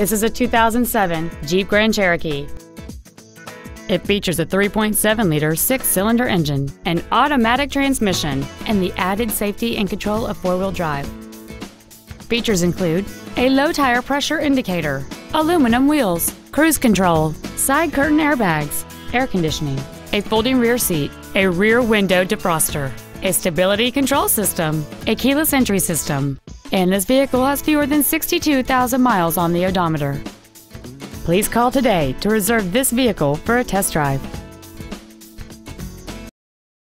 This is a 2007 Jeep Grand Cherokee. It features a 3.7-liter six-cylinder engine, an automatic transmission, and the added safety and control of four-wheel drive. Features include a low-tire pressure indicator, aluminum wheels, cruise control, side curtain airbags, air conditioning, a folding rear seat, a rear window defroster, a stability control system, a keyless entry system, and this vehicle has fewer than 62,000 miles on the odometer. Please call today to reserve this vehicle for a test drive.